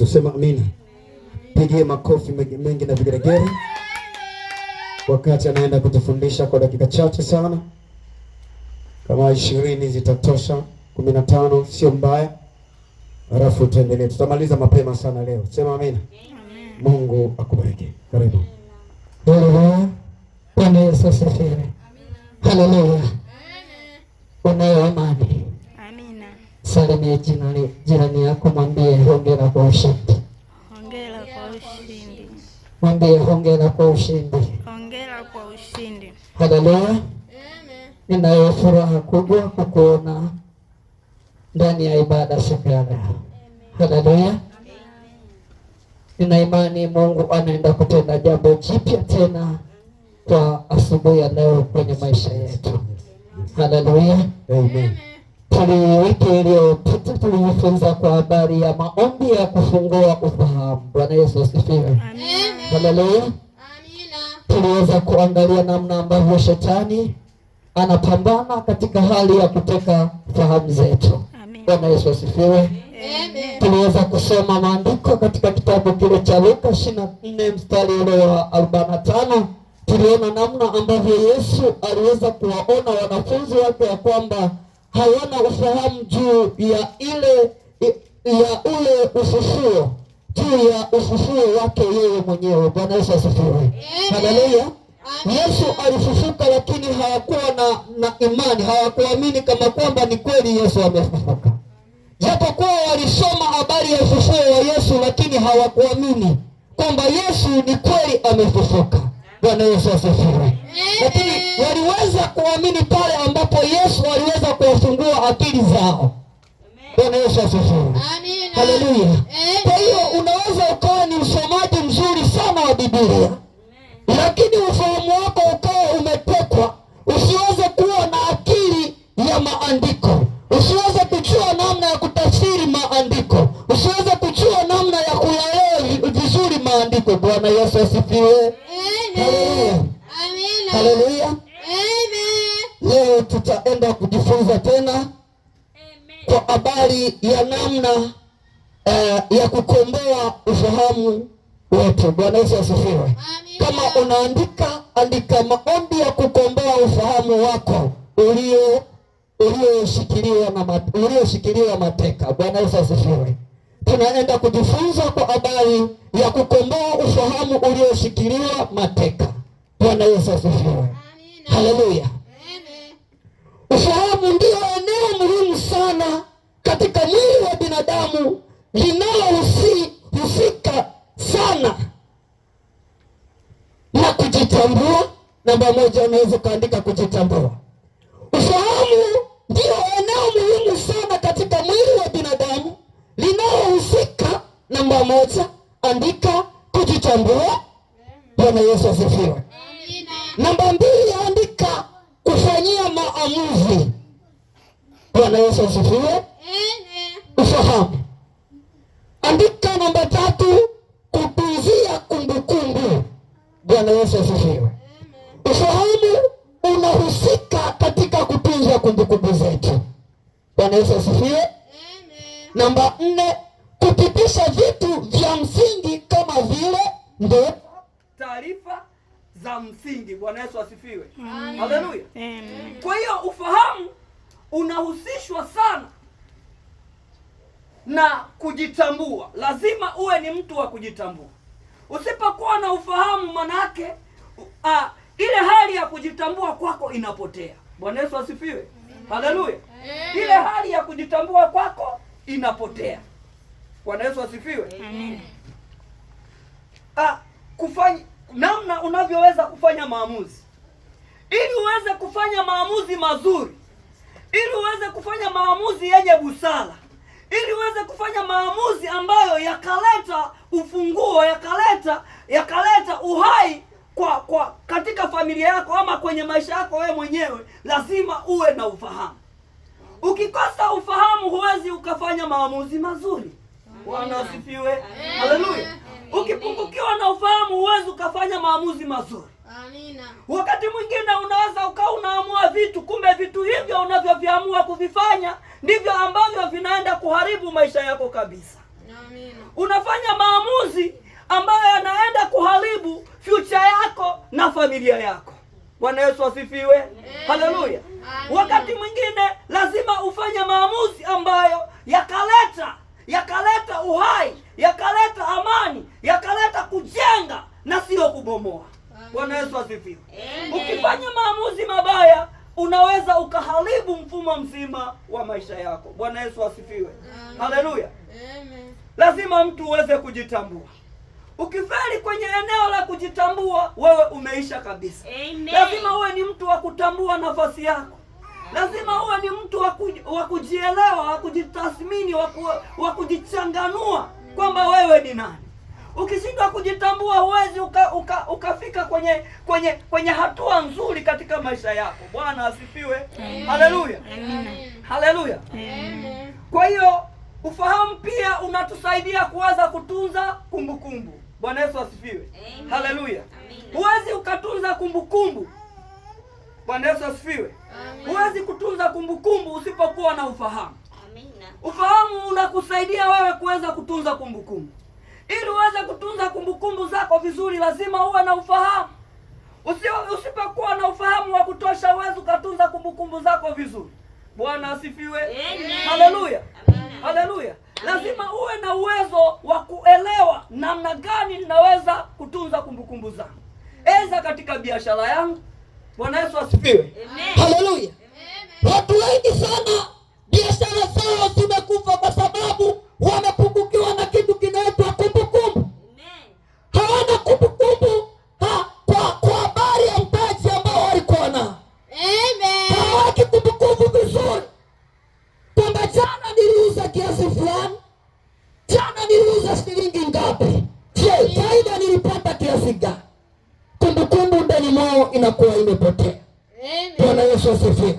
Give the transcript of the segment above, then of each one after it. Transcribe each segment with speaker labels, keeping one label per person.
Speaker 1: Kristo, sema amina. Pigie makofi mengi na vigeregere. Wakati anaenda kutufundisha kwa dakika chache sana, kama ishirini zitatosha, kumi na tano sio mbaya, halafu tuendelee. Tutamaliza mapema sana leo, sema amina. Mungu akubariki. Karibu.
Speaker 2: Bwana Yesu asifiwe. Haleluya. Unayo amani Salimia jirani yako, mwambie hongera kwa ushindi. Mwambie hongera kwa ushindi. Haleluya! Ninayo furaha kubwa kukuona ndani ya ibada siku ya leo. Haleluya! Nina imani Mungu anaenda kutenda jambo jipya tena kwa asubuhi ya leo kwenye maisha yetu. Haleluya! Amen. Tafakari wiki iliyopita tulijifunza kwa habari ya maombi ya kufungua ufahamu. Bwana Yesu asifiwe. Haleluya. Amina. Tuliweza kuangalia namna ambavyo shetani anapambana katika hali ya kuteka fahamu zetu. Bwana Yesu asifiwe. Tuliweza kusoma maandiko katika kitabu kile cha Luka 24 mstari ule wa 45. Tuliona namna ambavyo Yesu aliweza kuwaona wanafunzi wake ya kwamba hawana ufahamu juu ya ile ya ule ufufuo juu ya ufufuo wake yeye mwenyewe. Bwana Yesu asifiwe, haleluya. Yesu alifufuka, lakini hawakuwa na, na imani, hawakuamini kama kwamba ni kweli Yesu amefufuka, japokuwa walisoma habari ya ufufuo wa Yesu, lakini hawakuamini kwamba Yesu ni kweli amefufuka. Bwana Yesu asifiwe. Lakini waliweza kuamini pale ambapo Yesu aliweza kuwafungua akili zao. Bwana Yesu asifiwe. Amina. Haleluya. Kwa hiyo unaweza ukawa ni msomaji mzuri sana wa Biblia, lakini ufahamu wako ukawa umetekwa, usiweze kuwa na akili ya maandiko, usiweze kujua namna ya kutafsiri maandiko, usiweze kujua namna ya kuyaelewa vizuri maandiko. Bwana Yesu asifiwe. Haleluya! Leo tutaenda kujifunza tena kwa habari ya namna eh, ya kukomboa ufahamu wetu. Bwana Yesu asifiwe. Kama unaandika andika maombi ya kukomboa ufahamu wako ulio ulioshikiliwa na ulioshikiliwa mateka. Bwana Yesu asifiwe tunaenda kujifunza kwa habari ya kukomboa ufahamu ulioshikiliwa mateka. Bwana Yesu asifiwe, haleluya. Ufahamu ndio eneo muhimu sana katika mwili wa binadamu linalohusika sana na kujitambua. Namba moja, unaweza ukaandika kujitambua pamoja, andika kujitambua. Bwana Yesu asifiwe. Namba mbili, andika kufanyia maamuzi. Bwana Yesu asifiwe. Ufahamu. Andika namba tatu, kutunzia kumbukumbu. Bwana Yesu asifiwe. Ufahamu unahusika katika kutunza kumbukumbu zetu. Bwana Yesu asifiwe. Namba nne kufundisha vitu vya msingi kama vile ndio
Speaker 3: taarifa za msingi. Bwana Yesu asifiwe, haleluya. Kwa hiyo ufahamu unahusishwa sana na kujitambua. Lazima uwe ni mtu wa kujitambua. Usipokuwa na ufahamu, manake uh, ile hali ya kujitambua kwako inapotea. Bwana Yesu asifiwe, haleluya. Ile hali ya kujitambua kwako inapotea. Bwana Yesu asifiwe. Amen. Ah, kufanya namna unavyoweza kufanya maamuzi ili uweze kufanya maamuzi mazuri, ili uweze kufanya maamuzi yenye busara, ili uweze kufanya maamuzi ambayo yakaleta ufunguo, yakaleta yakaleta uhai kwa kwa katika familia yako ama kwenye maisha yako wewe mwenyewe, lazima uwe na ufahamu. Ukikosa ufahamu, huwezi ukafanya maamuzi mazuri. Bwana asifiwe. Haleluya. Ukipungukiwa na ufahamu uwezi ukafanya maamuzi mazuri. Amina. Wakati mwingine unaweza ukawa unaamua vitu, kumbe vitu hivyo unavyoviamua kuvifanya ndivyo ambavyo vinaenda kuharibu maisha yako kabisa. Amina. Unafanya maamuzi ambayo yanaenda kuharibu future yako na familia yako. Bwana Yesu asifiwe. Haleluya. Wakati mwingine lazima ufanye maamuzi ambayo yakaleta yakaleta uhai, yakaleta amani, yakaleta kujenga na sio kubomoa. Bwana Yesu asifiwe. Ukifanya maamuzi mabaya unaweza ukaharibu mfumo mzima wa maisha yako. Bwana Yesu asifiwe. Haleluya. Lazima mtu uweze kujitambua. Ukifeli kwenye eneo la kujitambua, wewe umeisha kabisa. Amen. Lazima uwe ni mtu wa kutambua nafasi yako. Lazima uwe ni mtu wa kujielewa, wa kujitathmini, wa kujichanganua kwamba wewe ni nani. Ukishindwa kujitambua huwezi uka, uka, ukafika kwenye kwenye kwenye hatua nzuri katika maisha yako. Bwana asifiwe. Haleluya, haleluya. Kwa hiyo ufahamu pia unatusaidia kuweza kutunza kumbukumbu. Bwana Yesu asifiwe. Haleluya. Huwezi ukatunza kumbukumbu. Bwana Yesu asifiwe Huwezi kutunza kumbukumbu usipokuwa na ufahamu. Amina. Ufahamu unakusaidia wewe kuweza kutunza kumbukumbu. Ili uweze kutunza kumbukumbu zako vizuri, lazima uwe na ufahamu. Usipokuwa na ufahamu wa kutosha, huwezi ukatunza kumbukumbu zako vizuri. Bwana asifiwe. Haleluya, haleluya. Lazima uwe na uwezo wa kuelewa namna gani ninaweza kutunza kumbukumbu zangu, eza katika biashara yangu Bwana Yesu asifiwe. Haleluya. Watu wengi sana biashara zao zimekufa kwa sababu wamepungukiwa na kitu kinaitwa kumbukumbu. Hawana kumbukumbu ha, kwa kwa habari ya mtaji ambao walikuwa nao. Amen. kumbukumbu vizuri kwamba jana niliuza kiasi fulani, jana niliuza shilingi ngapi inakuwa imepotea. Bwana Yesu asifiwe.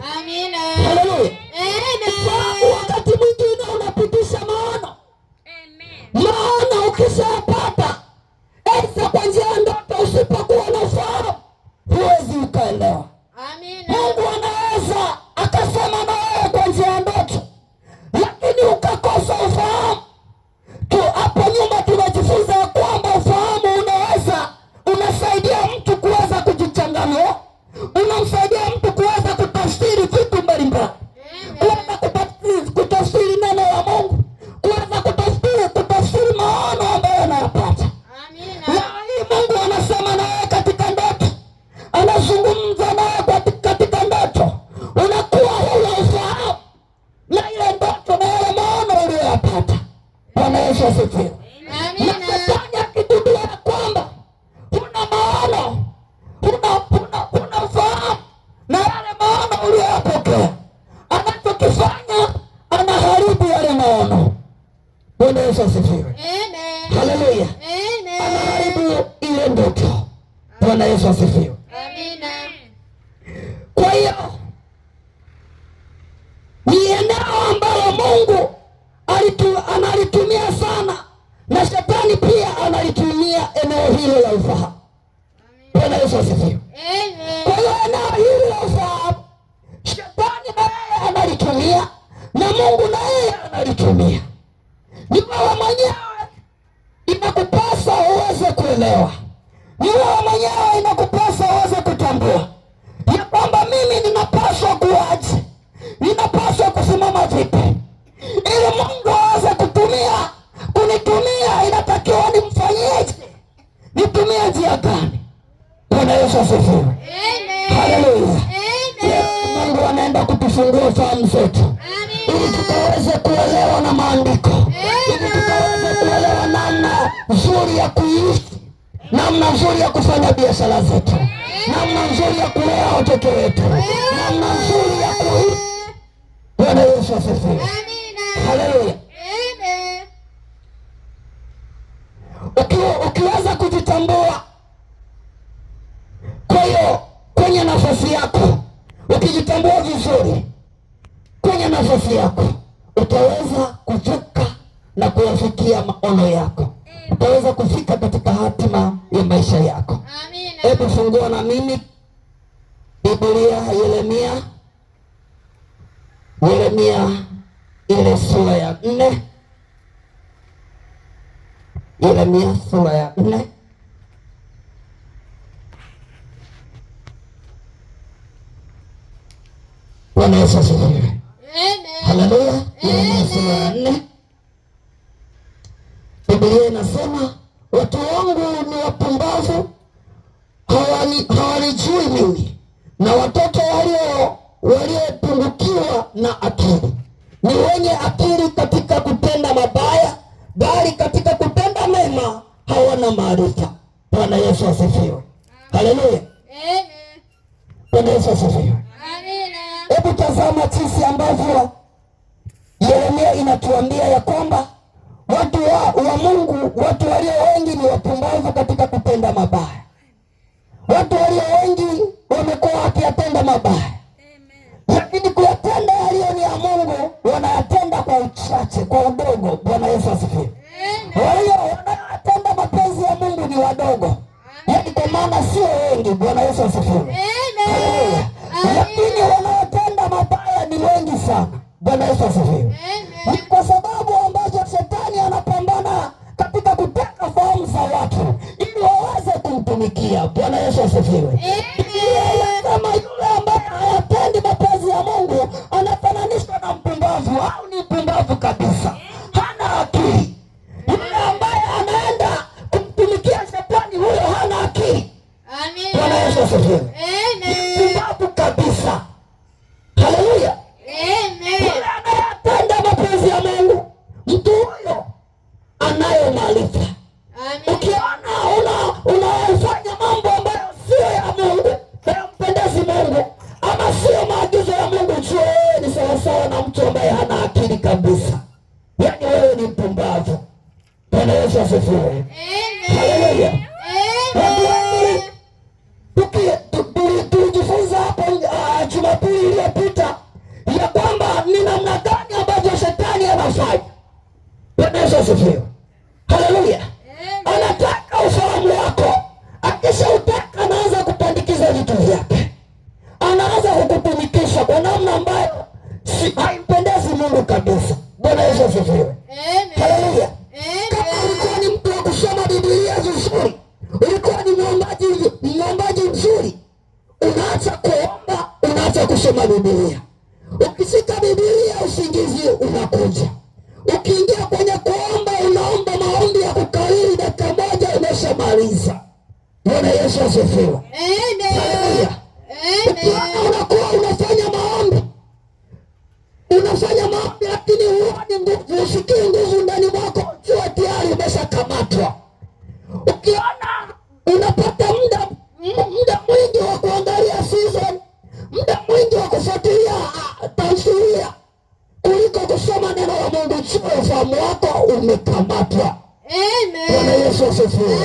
Speaker 3: eneo hilo la ufahamu. Bwana Yesu asifiwe. Kwa hiyo eneo hili la ufahamu, shetani na yeye analitumia na Mungu na yeye analitumia. Ni wewe mwenyewe inakupasa uweze kuelewa, ni wewe mwenyewe inakupasa uweze kutambua ya kwamba mimi ninapaswa kuwaje, ninapaswa kusimama vipi ili nitumie njia gani? Bwana Yesu asifiwe. Haleluya. Mungu anaenda kutufungua fahamu zetu ili tukaweze kuelewa na maandiko, ili tukaweze kuelewa namna nzuri ya kuishi, namna nzuri ya kufanya biashara zetu, namna nzuri ya kulea watoto wetu, namna nzuri ya kuishi. Bwana Yesu asifiwe. Haleluya. nafasi yako utaweza kuvuka na kuyafikia maono yako, utaweza kufika katika hatima ya maisha yako. Hebu fungua na mimi Biblia Yeremia, Yeremia ile sura ya nne, Yeremia sura ya nne. Bwana Yesu asifiwe. Mano. Né? haimpendezi Mungu kabisa. Bwana Yesu asifiwe. Haleluya. unaenda chini ya ufahamu wako, umekamatwa. Bwana Yesu asifiwe.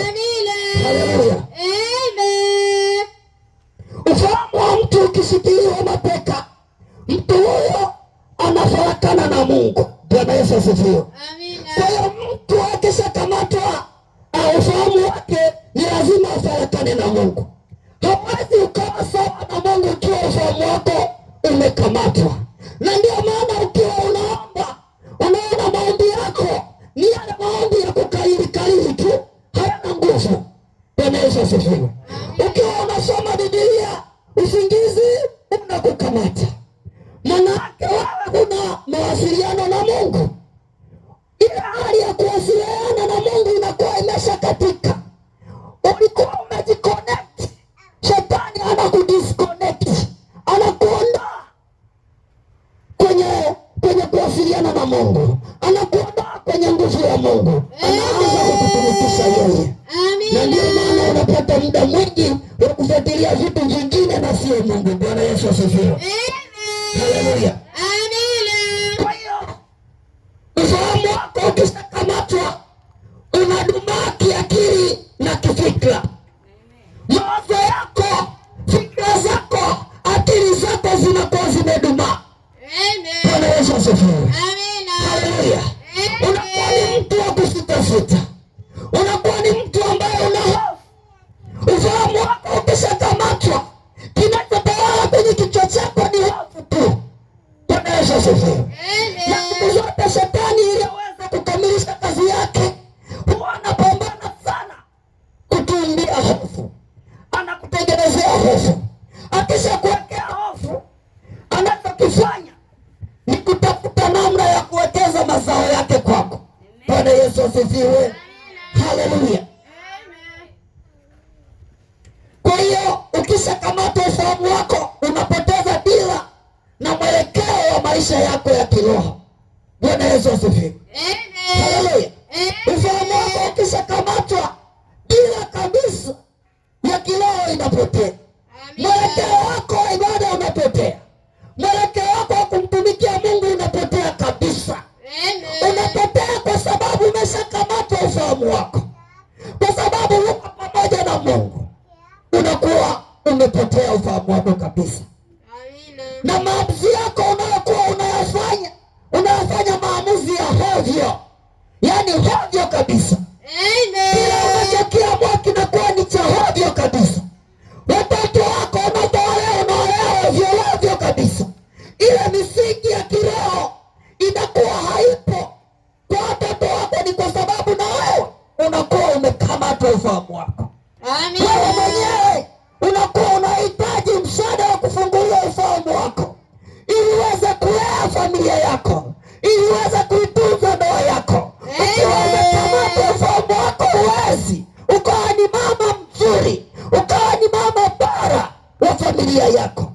Speaker 3: Haleluya. Ufahamu wa mtu ukisitiriwa mateka, mtu huyo anafarakana na Mungu. Bwana Yesu asifiwe. kuwezesha katika wewe mwenyewe unakuwa unahitaji msaada wa kufungulia ufahamu wako ili uweze kulea familia yako, ili uweze kuitunza ndoa yako. Ukiwa umekamata ufahamu wako uwezi ukawa ni mama mzuri, ukawa ni mama bora wa familia yako.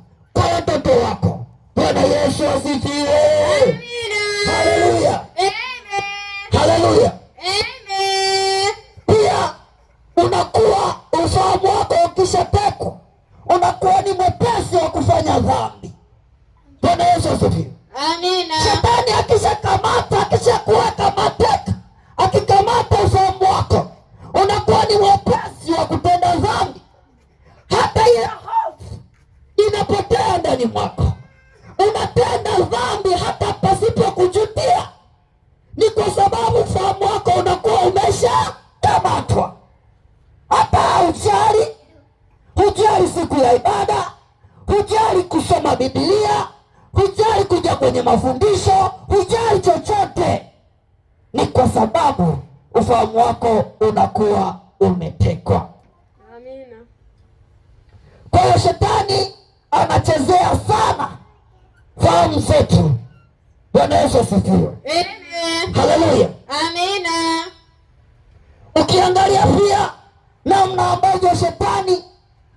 Speaker 3: moyoni mwako, unatenda dhambi hata pasipo kujutia, ni kwa sababu ufahamu wako unakuwa umeshakamatwa. Hata hujali, hujali siku ya ibada, hujali kusoma Biblia, hujali kuja kwenye mafundisho, hujali chochote, ni kwa sababu ufahamu wako unakuwa umetekwa. Amina. Kwa hiyo shetani anachezea sana fahamu zetu. Bwana Yesu asifiwe, haleluya, amina. Ukiangalia pia namna ambavyo shetani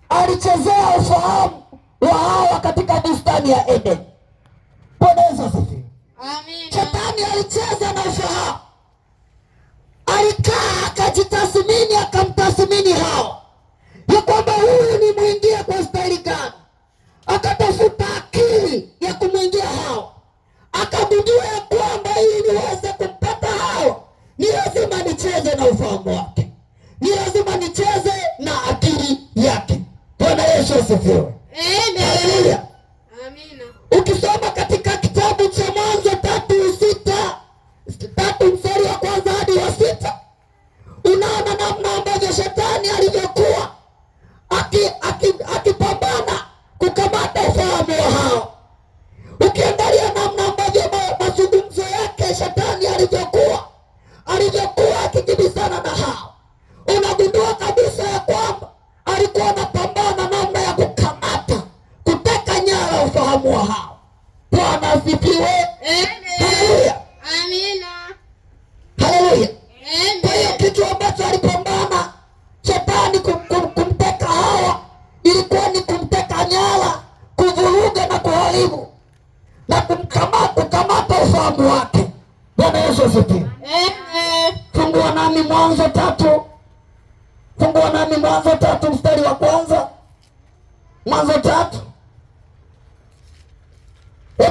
Speaker 3: alichezea ufahamu wa Hawa katika bustani ya Eden. Bwana Yesu asifiwe, amina. Shetani alicheza na ufahamu でよ。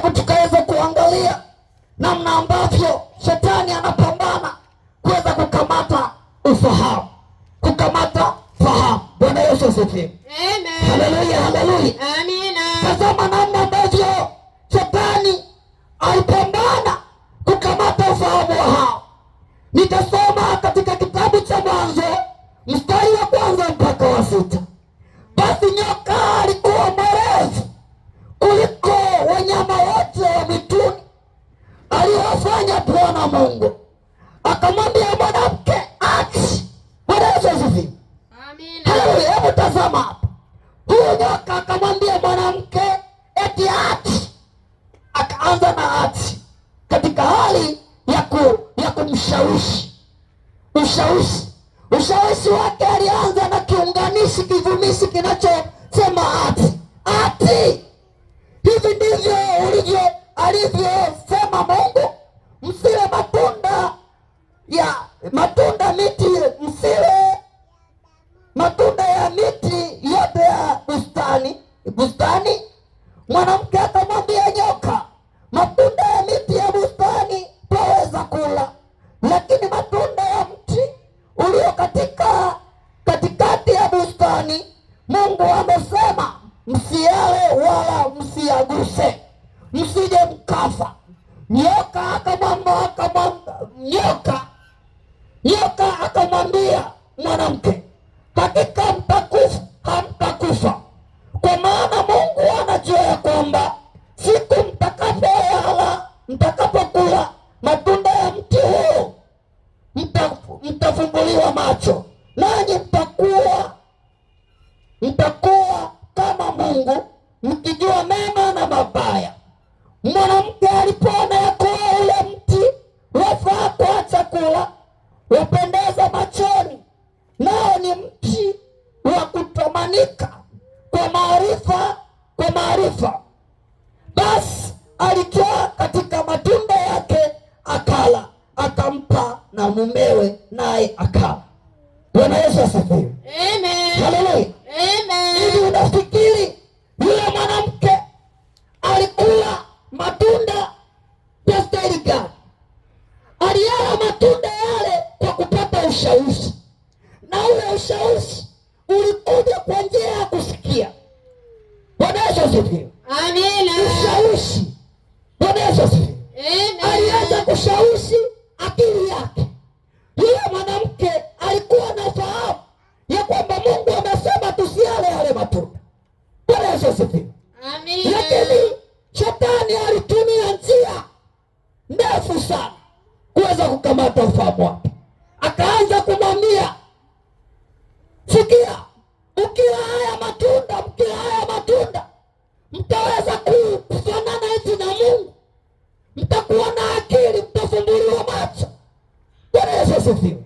Speaker 3: sababu tukaweza kuangalia namna ambavyo shetani anapambana kuweza kukamata ufahamu, kukamata fahamu. Bwana Yesu asifiwe. Haleluya, haleluya. Amina. Tazama namna ambavyo shetani alipambana kukamata ufahamu wa hao. Nitasoma katika kitabu cha Mwanzo mstari wa kwanza mpaka wa sita. Basi nyoka alipewa wa Mungu, akamwambia mwanamke achi. Bwana Yesu asifiwe, amina. Hebu tazama hapa, huyu nyoka akamwambia mwanamke eti achi. akaanza na achi katika hali ya ku ya kumshawishi ushawishi. Ushawishi wake alianza na kiunganishi kivumishi kinachosema ati ati. Hivi ndivyo ulivyo alivyo matunda miti msile matunda ya miti yote ya bustani bustani. Mwanamke akamwambia nyoka, matunda ya miti ya bustani twaweza kula, lakini matunda ya mti ulio katika katikati ya bustani, Mungu amesema msiale wala msiaguse, msije mkafa. Nyoka akamwambia nyoka mwanamke katika na mumewe naye akaa. Bwana Yesu asifiwe. Amen. Haleluya. Amen. Hivi unafikiri yule mwanamke alikula matunda ya staili gani? Aliyala matunda yale kwa kupata ushauri, na ule ushauri ulikuja kwa njia ya kusikia. Bwana Yesu asifiwe. Amen. Ushauri. Bwana Yesu asifiwe. Amen. Aliacha kushauri akili yake walikuwa na fahamu ya kwamba Mungu amesema tusiale yale matunda. Bwana Yesu asifiwe. Amina. Lakini shetani alitumia njia ndefu sana kuweza kukamata ufahamu wake, akaanza kumwambia, sikia, mkila haya matunda, mkila haya matunda mtaweza kufanana hivi na Mungu, mtakuwa na akili, mtafumbuliwa macho. Bwana Yesu asifiwe.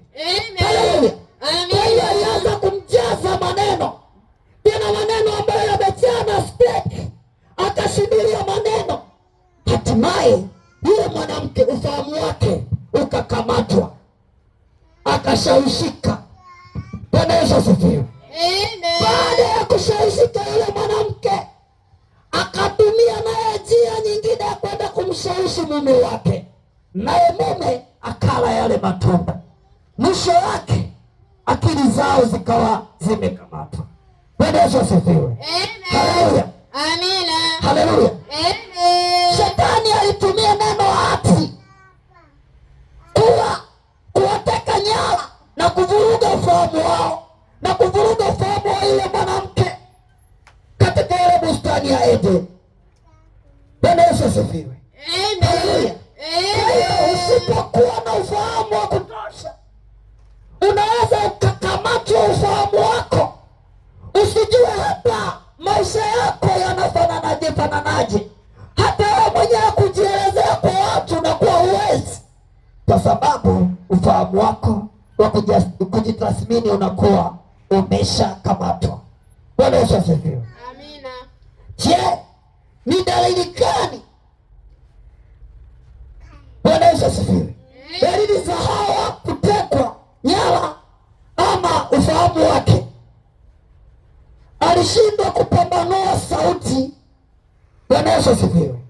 Speaker 3: akashawishika. Bwana Yesu asifiwe. Baada ya kushawishika yule mwanamke akatumia naye njia nyingine ya kwenda kumshawishi mume wake, naye mume akala yale matunda. Mwisho wake akili zao zikawa zimekamatwa. Bwana Yesu asifiwe. Haleluya, haleluya. kuvuruga ufahamu wao na kuvuruga ufahamu wa ile mwanamke katika ile bustani ya Edeni. Bwana Yesu asifiwe. Usipokuwa na ufahamu wa kutosha, unaweza ukakamatwa ufahamu wako, usijue hata maisha yako yanafananaje fananaje, hata wewe mwenyewe kujielezea kwa watu na kwa uwezi, kwa sababu ufahamu wako wa kujitathmini unakuwa umeshakamatwa. Bwana Yesu asifiwe. Amina. Je, ni dalili gani? Bwana Yesu asifiwe. Dalili za hawa kutekwa nyara ama ufahamu wake alishindwa kupambanua sauti. Bwana Yesu asifiwe.